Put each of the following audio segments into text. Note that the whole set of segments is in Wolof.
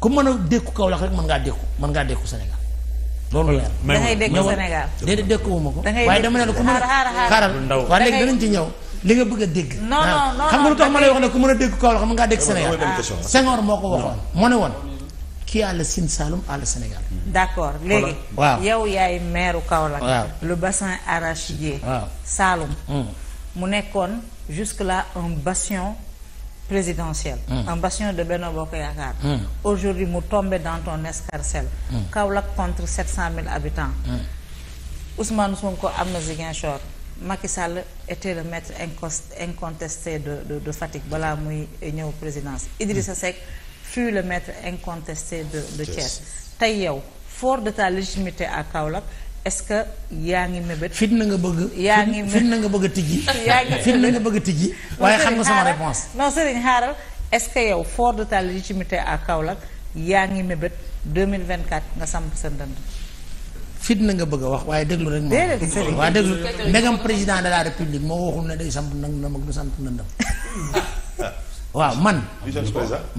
ku mën a dékku lax rek mën ngaa dékku mën ngaa dékku Sénégal. loolu leer da ngay dékku Sénégal déedéet dékkuwuma ko. da ngay waaye dama ne la ku mën a xaaral waaye léegi danañ ci ñëw. li nga bëgg a dégg. non non non xam nga lu ma lay wax ne ku mën a dégg Kaolack mën ngaa dégg Sénégal. Senghor moo ko waxoon moo ne woon. kii àll Sine Saloum àll Sénégal. d'accord léegi. waaw yow yaay meeru Kaolack. waaw le bassin arachidier. waaw Saloum. Hmm. mu nekkoon jusque là un bastion présidentielle. Mm. bastion de Benno Bokk Yaakaar. Hmm. aujourd'hui mu tombé dans ton escarcelle. Mm. Kaolack contre 700000 habitants. Hmm. Ousmane Sonko am na Ziguinchor. Macky Sall était le maître incontesté de de de balaa muy ñëw présidence hmm. Idrissa Seck fut le maître incontesté de de tey yow fort de ta légitimité à Kaolack. est que yaa ngi mébét. fitna nga bëgg. yaa ngi mébét fitna nga bëgg a tijji. yaa ngi mébét fitna waaye xam nga sama réponse. non Serigne xaaral est-ce que yow fort de ta légitimité à Kaolack yaa ngi mébét 2024 nga samp sa ndënd. fitna nga bëgg wax waaye déglu rek. déedéet Serigne waaye déglu ndegam président de la république moo waxul ne day samp ndëndam ak du samp ndëndam. waaw man.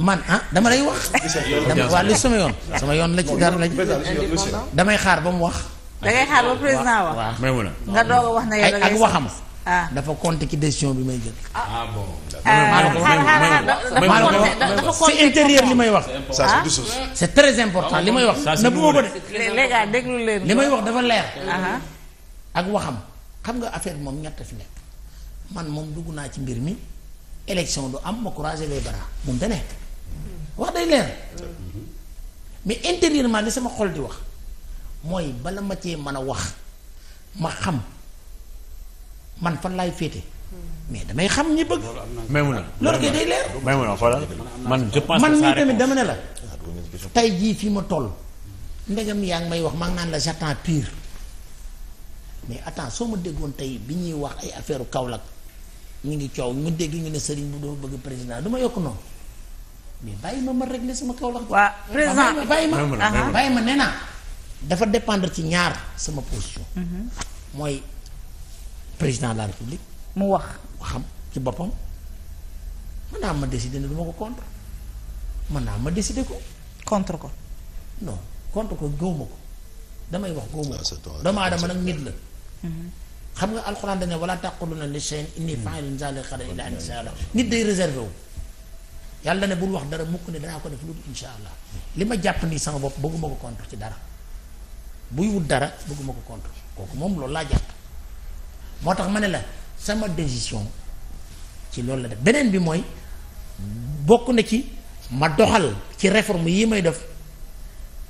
man ah dama lay wax. dama waaw li sama yoon. sama yoon la ci dara damay xaar ba mu wax. da xaar ba président wax may mun nga doog a wax na yow da ak waxam. Ah. Ah. dafa compter ki décision bi may jël. ah bon. dafa compter intérieur li may wax. Ah. ça c'est très important li may wax. na bu ma ko de. li may wax dafa leer. Uh-huh. ak waxam xam nga affaire bi moom ñett fi nekk man moom dugg naa ci mbir mi élection du am ma courage les bras mun da nekk wax day leer mm-hmm. mais intérieurement li sama xol di wax. mooy bala ma cee mën a wax ma xam man fan laay féete mais damay xam ñi bëgg. Maymuna loolu kay day leer. Maymuna xoolal man je pense man mii la. tey jii fii ma toll. ndegam yaa ngi may wax maa ngi naan la j'attends pire mais attends soo ma déggoon tey bi ñuy wax ay affaire Kaolack ñu ngi coow mu dégg ñu ne sëriñ bu doo bëgg président du ma yokk noonu mais bàyyi ma ma régler sama Kaolack. waa président bàyyi ma bàyyi ma nee dafa dépendre ci ñaar sama position. mooy président de la république. mu wax waxam ci boppam mën naa ma décider ne du ko contre mën naa ma décider ko. contre ko. non contre ko gëwuma ko damay wax gëwuma ah, ko doomu aadama nag nit la. Mhm. xam nga alxuraan dañ ne wala taquluna li shay'in inni fa'ilun zalika ghadan illa insha allah nit day réservé wu. yàlla ne bul wax dara mukk ne danaa ko def allah li ma jàpp nii sama bopp bëgguma ko contre ci dara. buy wut dara bëgguma ko contre kooku moom loolu laa jàpp moo tax ma ne la sama décision ci loolu la def beneen bi mooy bokk na ci ma doxal ci réforme yi may def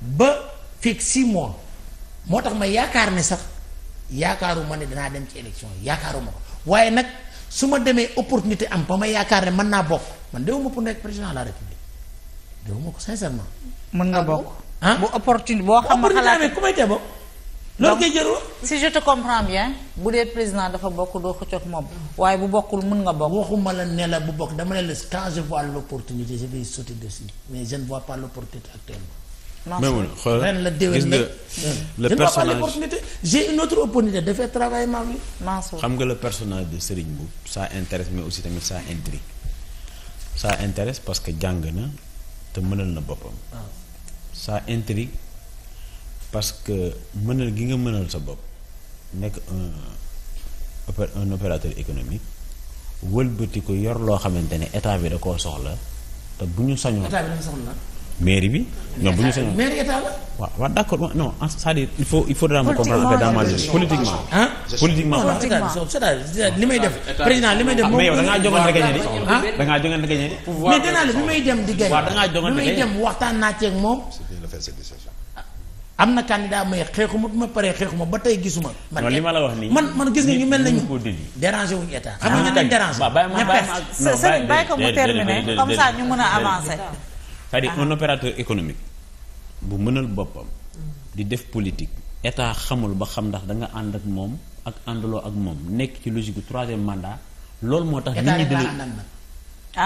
ba fekk si mois moo tax ma yaakaar ne sax yaakaaru ma ne danaa dem ci élection yaakaaru ma ko waaye nag su ma demee opportunité am ba ma yaakaar ne mën naa bokk man déwuma pour nekk président de la république déwuma ko sincèrement mën nga ah bokk ah bu opportunité boo xam ma xalaat ku may tee ngay jëru si je te bu dee président dafa bokk doo xëccoog moom waaye bu bokkul mun nga bokk waxuma la ne la bu bokk dama ne la quand je vois l'opportunité mais je ne vois pas l'opportunité wul xoolal ren la déwén nag le personnage j'ai une autre opportunité de faire travailler ma xam nga le personnage de Serigne Mboup ça intéresse mais aussi tamit ça intrigue ça intéresse parce que jàng na te mënal na boppam. Ah. waa intrigue parce que mënal gi nga mënal sa bopp nekk un un opérateur économique wëlbati ko yor loo xamante ne état bi da koo soxla te bu ñu sañoon. état bi dafa soxla mairie bi. ñoom bu ñu sañoon mairie état la. waaw waaw d'accord non cest il faut il faudra me comprendre en ma logique politiquement. ah politiquement c'est-à-dire li may def. président li may def ah, mais yow da di. ah da ngaa di. danaa la bi may dem di gañe. waaw da ngaa joŋante gañe bi may dem waxtaan naa ci ak moom. faire ah. am na candidat mais xeexuma ma ma paree ma ba tey gisuma. man li ma la wax nii man man gis nga ñu mel nañu déranger wuñu état. Ah. xam nga ñu leen déranger. waaw bàyyi ma bàyyi ma Serigne bàyyi ñu mën a avancer. c'est-à-dire ah. un opérateur économique bu mënal boppam. di def politique état xamul ba xam ndax danga ànd ak moom ak àndaloo ak moom nekk ci logique gu troisième mandat. loolu moo tax nit ñi di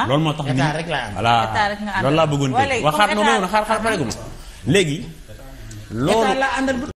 loolu moo tax nit ñi voilà loolu laa bëggoon dégg waxaat noonu xaar xaar pareegu ma léegi loolu